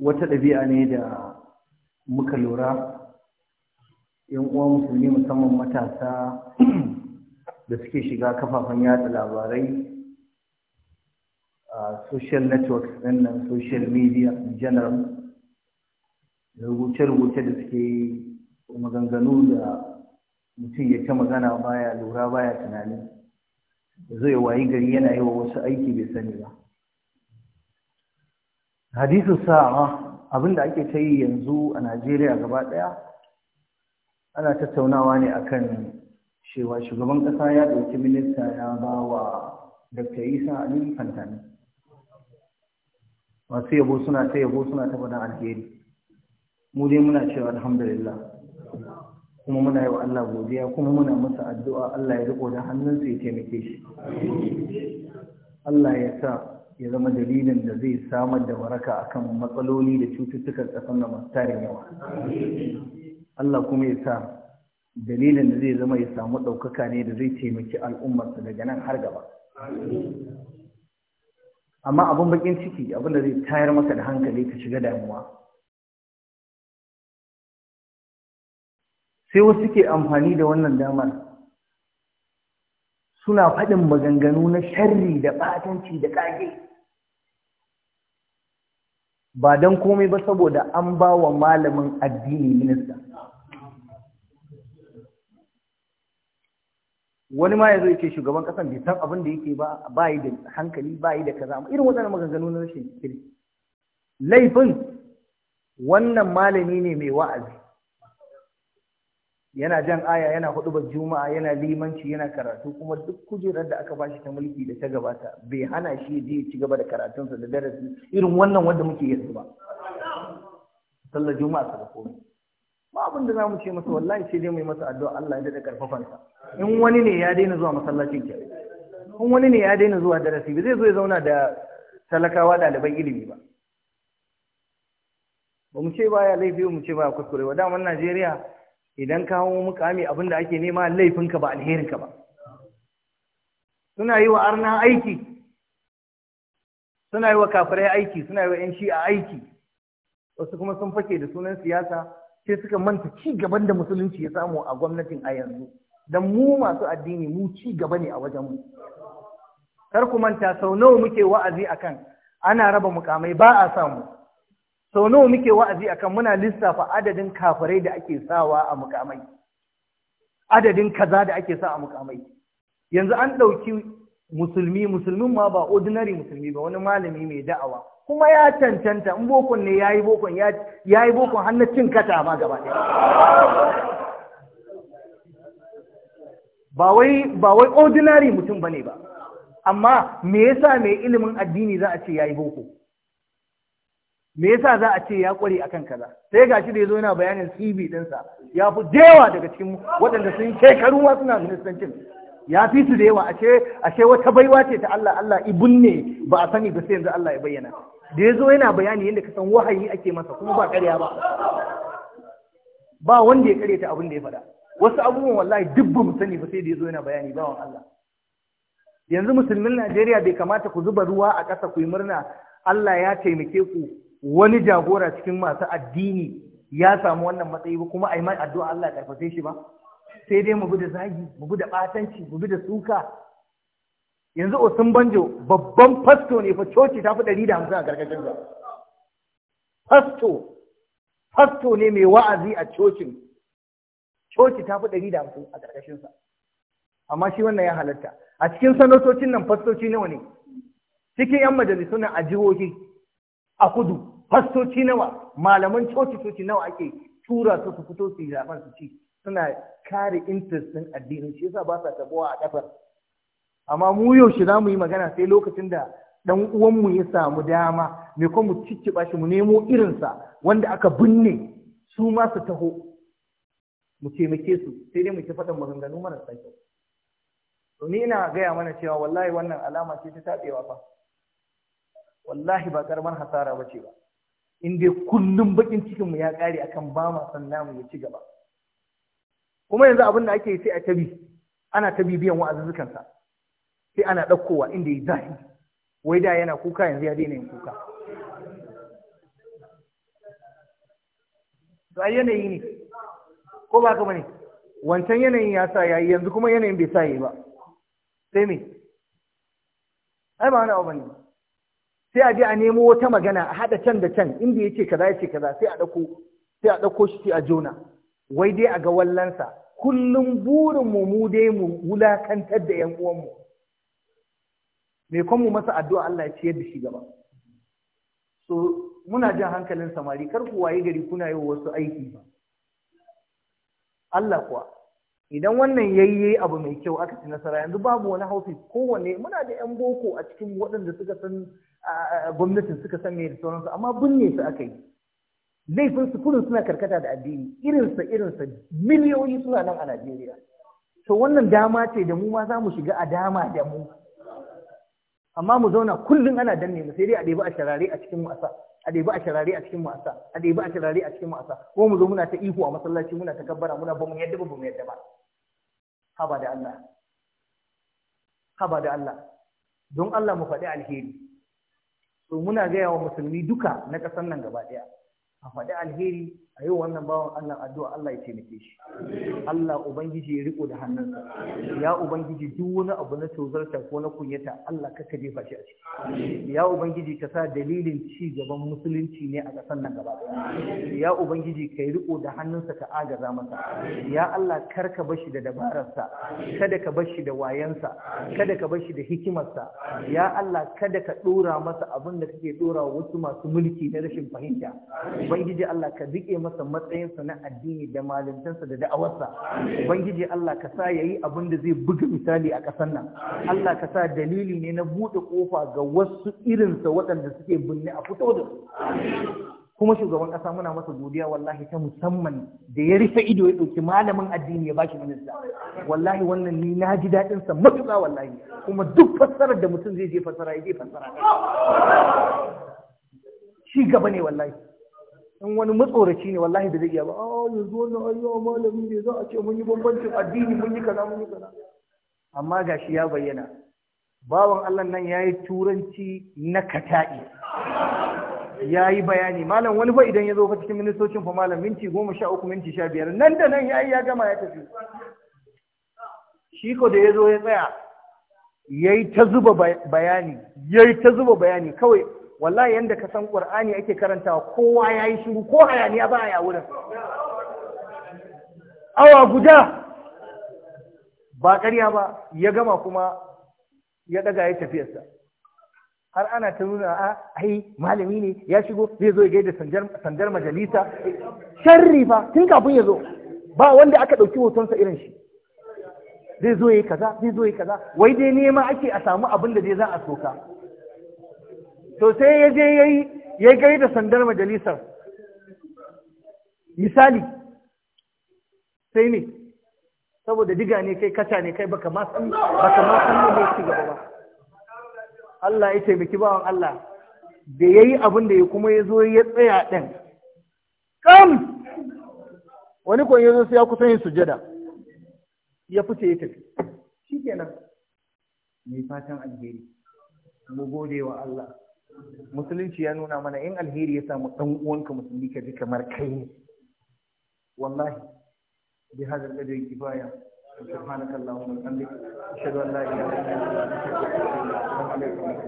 wata ɗabi'a ne da muka lura yan uwa musulmi musamman matasa da suke shiga kafafen yada labarai a social networks ɗin nan social media in general rubuce-rubuce da suke maganganu da mutum ya ta magana baya lura baya tunani zai wayi gari yana yi wa wasu aiki bai sani ba hadisu sa'a abinda ake ta yi yanzu a najeriya gaba daya ana tattaunawa ne akan cewa shugaban kasa ya ɗauki minista ya ba wa dakta isa ali fantani masu yabo suna ta yabo suna ta faɗin alheri mu dai muna cewa alhamdulillah kuma muna yi wa allah godiya kuma muna masa addu'a allah ya riko da hannunsa ya taimake shi allah ya sa ya zama dalilin da zai samar da waraka kan matsaloli da cututtukan ƙasar da masu tarin yawa Allah kuma ya sa dalilin da zai zama ya samu ɗaukaka ne da zai taimaki al'ummarsa daga nan har gaba amma abin bakin ciki abin da zai tayar maka da hankali ka shiga damuwa sai wasu ke amfani da wannan damar suna faɗin maganganu na sharri da batanci da ƙage ba don komai ba saboda an ba wa malamin addini minista wani ma ya zo ce shugaban kasan bai san abin da yake ba ba yi da hankali ba yi da kaza amma irin waɗannan maganganu na rashin kiri laifin wannan malami ne mai wa'azi yana jan aya yana hudubar juma'a yana limanci yana karatu kuma duk kujerar da aka bashi ta mulki da ta gabata bai hana shi je ci gaba da karatunsa da darasi irin wannan wanda muke yanzu ba sallar juma'a ta komai ba abin da za mu ce masa wallahi sai dai mu yi masa addu'a Allah ya daɗa karfafansa in wani ne ya daina zuwa masallacin ki in wani ne ya daina zuwa darasi ba zai zo ya zauna da talakawa ɗaliban ilimi ba ba mu ce baya laifi mu ce ya kuskure Ba daman Najeriya idan kawo mukami abinda ake nema laifinka ba alherinka ba suna yi wa arna aiki suna yi wa kafirai aiki suna yi wa 'yan shi'a aiki wasu kuma sun fake da sunan siyasa sai suka manta ci gaban da musulunci ya samu a gwamnatin a yanzu don mu masu addini mu ci gaba ne a wajen mu. kar ku manta sau nawa muke wa'azi akan ana raba mukamai ba a samu sau nawa muke wa'azi akan muna lissafa adadin kafirai da ake sawa a mukamai adadin kaza da ake sa a mukamai yanzu an ɗauki musulmi musulmin ma ba ordinary musulmi ba wani malami mai da'awa kuma ya cancanta in bokon ne ya yi bokon ya yi bokon hannun cin kata ma gaba ɗaya ba wai ba ordinary mutum bane ba amma me yasa mai ilimin addini za a ce ya yi boko me yasa za a ce ya kware akan kaza sai gashi da yazo yana bayanin CV dinsa ya fi dewa daga cikin waɗanda sun shekaru ma suna ministancin ya fi su da yawa ashe ashe wata baiwa ce ta Allah Allah ibun ne ba a sani ba sai yanzu Allah ya bayyana da yazo yana bayani yadda ka san wahayi ake masa kuma ba ƙarya ba ba wanda ya ƙare ta abin da ya faɗa wasu abubuwan wallahi duk ba mu sani ba sai da yazo yana bayani bawan Allah yanzu musulmin Najeriya bai kamata ku zuba ruwa a ƙasa ku yi murna Allah ya taimake ku wani jagora cikin masu addini ya samu wannan matsayi ba kuma a yi mai addu'a Allah ya karfafe shi ba sai dai mu bi da zagi mu bi da batanci mu bi da suka yanzu Osun Banjo babban fasto ne fa coci ta fi ɗari da hamsin a gargajin sa fasto fasto ne mai wa'azi a cocin coci ta fi ɗari da hamsin a gargashin sa amma shi wannan ya halatta a cikin sanatocin nan fastoci nawa ne cikin 'yan majalisu na a jihohi a kudu fastoci nawa malaman coci coci nawa ake tura su su fito su yi zaben su ci suna kare interest in addinin shi yasa ba sa tabowa a kafar amma mu yaushe za mu yi magana sai lokacin da dan uwanmu ya samu dama me kuma mu cicciba shi mu nemo irinsa wanda aka binne su ma su taho mu taimake su sai dai mu ci faɗin maganganu mara kyau to ni ina gaya mana cewa wallahi wannan alama ce ta taɓewa fa wallahi ba karamar hasara ba ce ba in dai kullum bakin cikin mu ya kare akan ba ma san namu ya ci gaba kuma yanzu abin da ake yi sai a tabi ana ta biyan wa'azuzzukan sa sai ana ɗaukowa inda ya zahi wai da yana kuka yanzu ya daina yin kuka to ai yanayi ne ko ba ka bane wancan yanayin ya sa yayi yanzu kuma yanayin bai sa yayi ba sai me ai ba wani abu ne sai a je a nemo wata magana a haɗa can da can inda ya ce kaza ya kaza sai a ɗauko sai a ɗauko shi a jona wai dai a ga wallansa kullum burin mu mu dai mu wulakantar da uwan mu me kon mu masa addu'a Allah ya ciyar da shi gaba so muna jan hankalin samari kar ku waye gari kuna yi wasu aiki ba Allah kuwa idan wannan yayye abu mai kyau aka ci nasara yanzu babu wani haufi kowanne muna da yan boko a cikin waɗanda suka san gwamnatin suka san me da sauransu amma binne su aka yi laifin su kullum suna karkata da addini irinsa irinsa miliyoyi suna nan a Najeriya to wannan dama ce da mu ma za mu shiga a dama da mu amma mu zauna kullum ana danne mu sai dai a ɗebi a sharare a cikin wasa a ɗebi a sharare a cikin wasa a ɗebi a sharare a cikin wasa ko mu zo muna ta ihu a masallaci muna ta kabbara muna ba mu yadda ba mu yadda ba haba da Allah haba da Allah don Allah mu faɗi alheri so muna gaya wa musulmi duka na ƙasar nan gaba ɗaya a faɗi alheri a yi wannan bawan Allah addu'a Allah ya taimake shi Allah ubangiji ya riko da hannunsa ya ubangiji duk wani abu na tozarta ko na kunyata Allah ka ka jefa shi a ciki ya ubangiji ka sa dalilin ci gaban musulunci ne a ƙasar nan gaba ya ubangiji ka yi riko da hannunsa ka agaza masa ya Allah kar ka bashi da dabararsa kada ka bashi da wayansa kada ka bashi da hikimarsa ya Allah kada ka ɗora masa abin da kake ɗora wasu masu mulki na rashin fahimta ubangiji Allah ka rike masa matsayinsa na addini da malintansa da da'awarsa ubangiji Allah ka sa yayi abin da zai buga misali a ƙasar nan Allah ka sa dalili ne na buɗe kofa ga wasu irinsa waɗanda suke binne a fito da su kuma shugaban ƙasa muna masa godiya wallahi ta musamman da ya rufe ido ya ɗauki malamin addini ya bashi minista wallahi wannan ni na ji daɗin sa matuƙa wallahi kuma duk fassarar da mutum zai je fassara ya je fassara ci gaba ne wallahi in wani matsoraci ne wallahi da zai iya ba a ah, yanzu wannan ayyawa malami ne za a ce mun yi bambancin addini mun yi kaza mun yi kaza amma gashi ya bayyana bawan Allah nan ya yi turanci na kata'i ya yi bayani malam wani fa idan ya zo fa cikin ministocin fa malam minti goma sha minti sha biyar nan da nan ya yi ya gama ya tafi shi ko da ya zo ya tsaya ya yi ta zuba bayani ya yi ta zuba bayani kawai wallahi yanda ka san qur'ani ake karantawa kowa ya yi shiru ko hayaniya ba ya wurin awa guda ba ƙarya ba ya gama kuma ya ɗaga ya tafiyarsa har ana ta nuna a ai malami ne ya shigo zai zo ya gaida sandar majalisa sharri fa tun kafin ya zo ba wanda aka ɗauki hotonsa irin shi zai zo ya yi kaza zai zo yi kaza wai dai nema ake a samu abin da dai za a soka to sai ya je ya yi ya gai da sandar majalisar misali sai ne saboda diga ne kai kaca ne kai baka ma baka ma ne ci gaba ba Allah ya taimaki bawan Allah da yi abin da ya kuma ya zo ya tsaya ɗin kam wani kon zo sai ya kusa yin sujada ya fice ya tafi Shi kenan. mai fatan alheri mu gode wa Allah musulunci ya nuna mana in alheri ya samu dan uwanka musulmi ka ji kamar kai ne wallahi bi hadal qadri kifaya subhanakallahumma wa bihamdika ashhadu an la ilaha illa anta astaghfiruka wa atubu ilaik